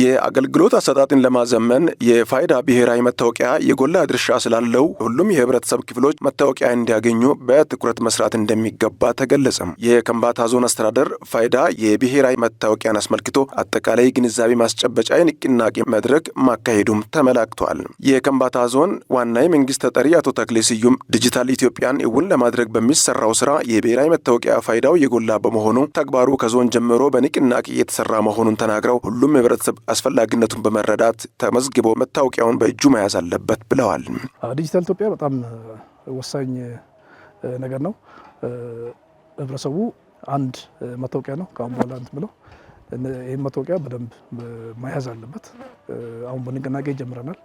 የአገልግሎት አሰጣጥን ለማዘመን የፋይዳ ብሔራዊ መታወቂያ የጎላ ድርሻ ስላለው ሁሉም የህብረተሰብ ክፍሎች መታወቂያ እንዲያገኙ በትኩረት መስራት እንደሚገባ ተገለጸም። የከምባታ ዞን አስተዳደር ፋይዳ የብሔራዊ መታወቂያን አስመልክቶ አጠቃላይ ግንዛቤ ማስጨበጫ የንቅናቄ መድረክ ማካሄዱም ተመላክቷል። የከምባታ ዞን ዋና የመንግስት ተጠሪ አቶ ተክሌ ስዩም ዲጂታል ኢትዮጵያን እውን ለማድረግ በሚሰራው ስራ የብሔራዊ መታወቂያ ፋይዳው የጎላ በመሆኑ ተግባሩ ከዞን ጀምሮ በንቅናቄ የተሰራ መሆኑን ተናግረው ሁሉም ህብረተሰብ አስፈላጊነቱን በመረዳት ተመዝግቦ መታወቂያውን በእጁ መያዝ አለበት ብለዋል። ዲጂታል ኢትዮጵያ በጣም ወሳኝ ነገር ነው። ህብረተሰቡ አንድ መታወቂያ ነው ከአሁን በኋላ እንትን ብለው ይህም መታወቂያ በደንብ መያዝ አለበት። አሁን በንቅናቄ ጀምረናል።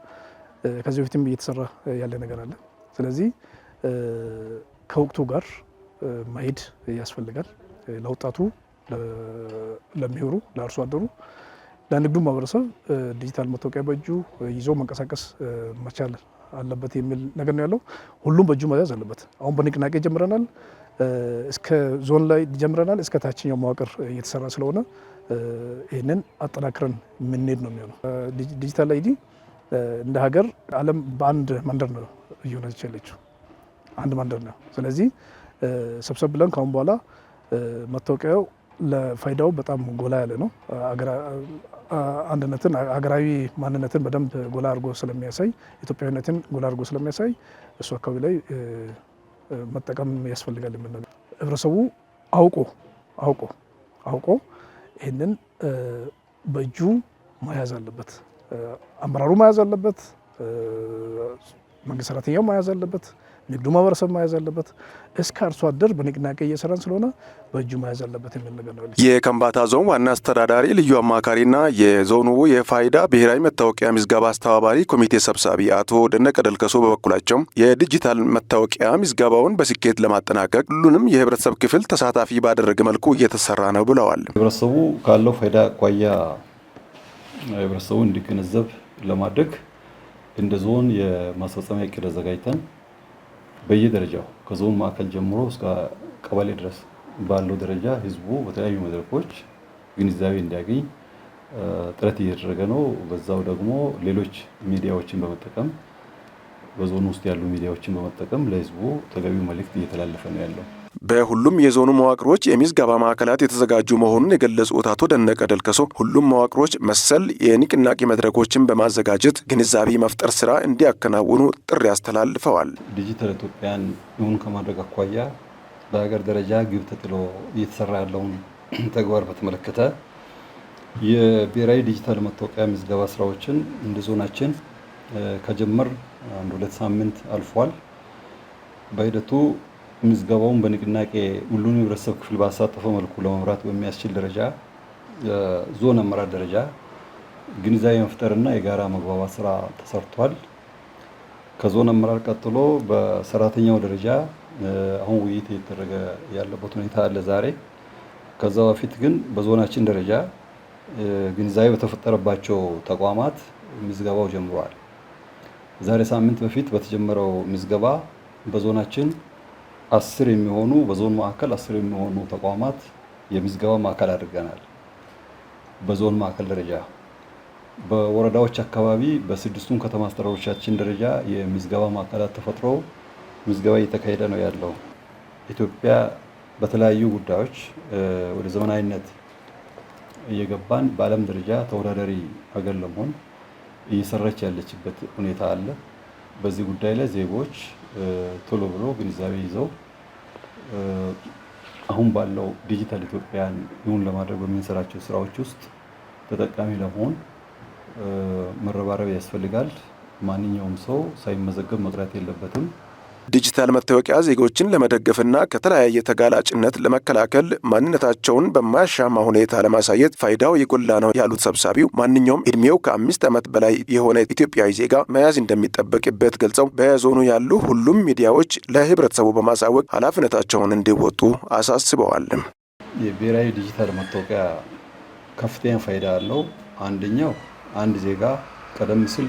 ከዚህ በፊትም እየተሰራ ያለ ነገር አለ። ስለዚህ ከወቅቱ ጋር መሄድ ያስፈልጋል። ለወጣቱ፣ ለሚሆሩ፣ ለአርሶ አደሩ ለንግዱ ማህበረሰብ ዲጂታል መታወቂያ በእጁ ይዞ መንቀሳቀስ መቻል አለበት የሚል ነገር ነው ያለው። ሁሉም በእጁ መያዝ አለበት። አሁን በንቅናቄ ጀምረናል፣ እስከ ዞን ላይ ጀምረናል፣ እስከ ታችኛው መዋቅር እየተሰራ ስለሆነ ይህንን አጠናክረን የምንሄድ ነው የሚሆነው። ዲጂታል አይዲ እንደ ሀገር ዓለም በአንድ መንደር ነው እየሆነች ያለችው፣ አንድ መንደር ነው። ስለዚህ ሰብሰብ ብለን ከአሁን በኋላ መታወቂያው ለፋይዳው በጣም ጎላ ያለ ነው። አንድነትን ሀገራዊ ማንነትን በደንብ ጎላ አድርጎ ስለሚያሳይ ኢትዮጵያዊነትን ጎላ አድርጎ ስለሚያሳይ እሱ አካባቢ ላይ መጠቀም ያስፈልጋል የምንል ህብረተሰቡ አውቆ አውቆ አውቆ ይህንን በእጁ መያዝ አለበት። አመራሩ መያዝ አለበት። መንግስት ሰራተኛው መያዝ አለበት። ንግዱ ማህበረሰብ መያዝ አለበት። እስከ አርሶ አደር በንቅናቄ እየሰራን ስለሆነ በእጁ መያዝ አለበት የሚል ነገር ነው። የከምባታ ዞን ዋና አስተዳዳሪ ልዩ አማካሪና የዞኑ የፋይዳ ብሔራዊ መታወቂያ ምዝገባ አስተባባሪ ኮሚቴ ሰብሳቢ አቶ ደነቀ ደልከሶ በበኩላቸው የዲጂታል መታወቂያ ምዝገባውን በስኬት ለማጠናቀቅ ሁሉንም የህብረተሰብ ክፍል ተሳታፊ ባደረገ መልኩ እየተሰራ ነው ብለዋል። ህብረተሰቡ ካለው ፋይዳ አኳያ ህብረተሰቡ እንዲገነዘብ ለማድረግ እንደ ዞን የማስፈጸሚያ እቅድ አዘጋጅተን በየደረጃው ከዞን ማዕከል ጀምሮ እስከ ቀበሌ ድረስ ባለው ደረጃ ህዝቡ በተለያዩ መድረኮች ግንዛቤ እንዲያገኝ ጥረት እየተደረገ ነው። በዛው ደግሞ ሌሎች ሚዲያዎችን በመጠቀም በዞኑ ውስጥ ያሉ ሚዲያዎችን በመጠቀም ለህዝቡ ተገቢው መልእክት እየተላለፈ ነው ያለው። በሁሉም የዞኑ መዋቅሮች የምዝገባ ማዕከላት የተዘጋጁ መሆኑን የገለጹት አቶ ደነቀ ደልከሶ ሁሉም መዋቅሮች መሰል የንቅናቄ መድረኮችን በማዘጋጀት ግንዛቤ መፍጠር ስራ እንዲያከናውኑ ጥሪ አስተላልፈዋል። ዲጂታል ኢትዮጵያን እውን ከማድረግ አኳያ በሀገር ደረጃ ግብ ተጥሎ እየተሰራ ያለውን ተግባር በተመለከተ የብሔራዊ ዲጂታል መታወቂያ ምዝገባ ስራዎችን እንደ ዞናችን ከጀመር አንድ ሁለት ሳምንት አልፏል። በሂደቱ ምዝገባውን በንቅናቄ ሁሉን የህብረተሰብ ክፍል ባሳተፈው መልኩ ለመምራት በሚያስችል ደረጃ ዞን አመራር ደረጃ ግንዛቤ መፍጠርና የጋራ መግባባት ስራ ተሰርቷል። ከዞን አመራር ቀጥሎ በሰራተኛው ደረጃ አሁን ውይይት እየተደረገ ያለበት ሁኔታ አለ ዛሬ። ከዛ በፊት ግን በዞናችን ደረጃ ግንዛቤ በተፈጠረባቸው ተቋማት ምዝገባው ጀምሯል። ዛሬ ሳምንት በፊት በተጀመረው ምዝገባ በዞናችን አስር የሚሆኑ በዞን ማዕከል አስር የሚሆኑ ተቋማት የምዝገባ ማዕከል አድርገናል። በዞን ማዕከል ደረጃ በወረዳዎች አካባቢ በስድስቱም ከተማ አስተዳደሮቻችን ደረጃ የምዝገባ ማዕከላት ተፈጥሮ ምዝገባ እየተካሄደ ነው ያለው። ኢትዮጵያ በተለያዩ ጉዳዮች ወደ ዘመናዊነት እየገባን በዓለም ደረጃ ተወዳዳሪ ሀገር ለመሆን እየሰራች ያለችበት ሁኔታ አለ። በዚህ ጉዳይ ላይ ዜጎች ቶሎ ብሎ ግንዛቤ ይዘው አሁን ባለው ዲጂታል ኢትዮጵያን ይሁን ለማድረግ በምንሰራቸው ስራዎች ውስጥ ተጠቃሚ ለመሆን መረባረብ ያስፈልጋል። ማንኛውም ሰው ሳይመዘገብ መቅረት የለበትም። ዲጂታል መታወቂያ ዜጎችን ለመደገፍና ከተለያየ ተጋላጭነት ለመከላከል ማንነታቸውን በማያሻማ ሁኔታ ለማሳየት ፋይዳው የጎላ ነው ያሉት ሰብሳቢው ማንኛውም እድሜው ከአምስት ዓመት በላይ የሆነ ኢትዮጵያዊ ዜጋ መያዝ እንደሚጠበቅበት ገልጸው በዞኑ ያሉ ሁሉም ሚዲያዎች ለህብረተሰቡ በማሳወቅ ኃላፊነታቸውን እንዲወጡ አሳስበዋል። የብሔራዊ ዲጂታል መታወቂያ ከፍተኛ ፋይዳ አለው። አንደኛው አንድ ዜጋ ቀደም ሲል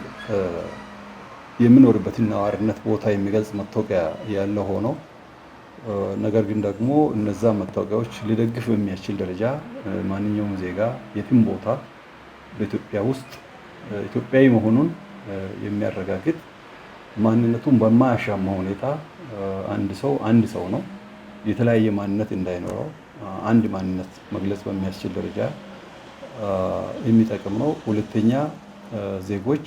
የምኖርበትን ነዋሪነት ቦታ የሚገልጽ መታወቂያ ያለ ሆኖ ነገር ግን ደግሞ እነዛ መታወቂያዎች ሊደግፍ በሚያስችል ደረጃ ማንኛውም ዜጋ የትም ቦታ በኢትዮጵያ ውስጥ ኢትዮጵያዊ መሆኑን የሚያረጋግጥ ማንነቱን በማያሻማ ሁኔታ አንድ ሰው አንድ ሰው ነው፣ የተለያየ ማንነት እንዳይኖረው አንድ ማንነት መግለጽ በሚያስችል ደረጃ የሚጠቅም ነው። ሁለተኛ ዜጎች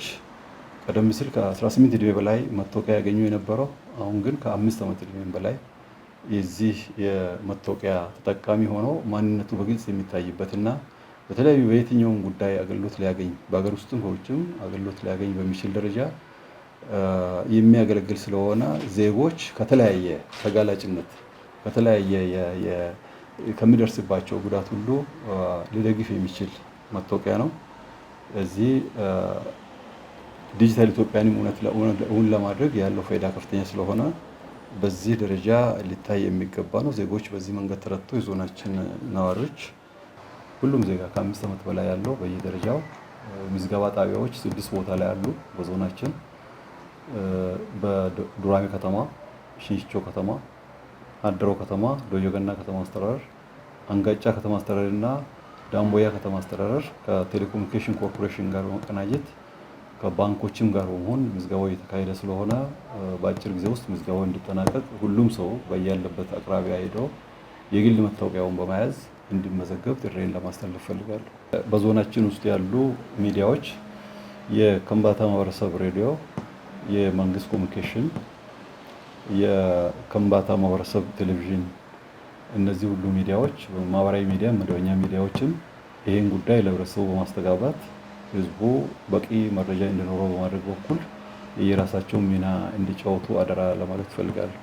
ቀደም ሲል ከ18 እድሜ በላይ መታወቂያ ያገኙ የነበረው አሁን ግን ከአምስት ዓመት እድሜ በላይ የዚህ የመታወቂያ ተጠቃሚ ሆኖ ማንነቱ በግልጽ የሚታይበትና በተለያዩ በየትኛውም ጉዳይ አገልግሎት ሊያገኝ በሀገር ውስጥም ከውጭም አገልግሎት ሊያገኝ በሚችል ደረጃ የሚያገለግል ስለሆነ ዜጎች ከተለያየ ተጋላጭነት ከተለያየ ከሚደርስባቸው ጉዳት ሁሉ ሊደግፍ የሚችል መታወቂያ ነው። እዚህ ዲጂታል ኢትዮጵያንም እውን ለማድረግ ያለው ፋይዳ ከፍተኛ ስለሆነ በዚህ ደረጃ ሊታይ የሚገባ ነው። ዜጎች በዚህ መንገድ ተረድቶ የዞናችን ነዋሪዎች ሁሉም ዜጋ ከአምስት ዓመት በላይ ያለው በየደረጃው ምዝገባ ጣቢያዎች ስድስት ቦታ ላይ አሉ። በዞናችን በዱራሜ ከተማ፣ ሽንሽቾ ከተማ፣ አደሮ ከተማ፣ ዶዮገና ከተማ አስተዳደር፣ አንጋጫ ከተማ አስተዳደር እና ዳምቦያ ከተማ አስተዳደር ከቴሌኮሙኒኬሽን ኮርፖሬሽን ጋር በመቀናጀት ከባንኮችም ጋር በመሆን ምዝገባው እየተካሄደ ስለሆነ በአጭር ጊዜ ውስጥ ምዝገባው እንዲጠናቀቅ ሁሉም ሰው በያለበት አቅራቢያ ሄደው የግል መታወቂያውን በመያዝ እንዲመዘገብ ጥሬን ለማስተላለፍ ፈልጋለሁ። በዞናችን ውስጥ ያሉ ሚዲያዎች የከምባታ ማህበረሰብ ሬዲዮ፣ የመንግስት ኮሚኒኬሽን፣ የከምባታ ማህበረሰብ ቴሌቪዥን፣ እነዚህ ሁሉ ሚዲያዎች ማህበራዊ ሚዲያ፣ መደበኛ ሚዲያዎችም ይህን ጉዳይ ለህብረተሰቡ በማስተጋባት ህዝቡ በቂ መረጃ እንዲኖረው በማድረግ በኩል የራሳቸውን ሚና እንዲጫወቱ አደራ ለማለት እፈልጋለሁ።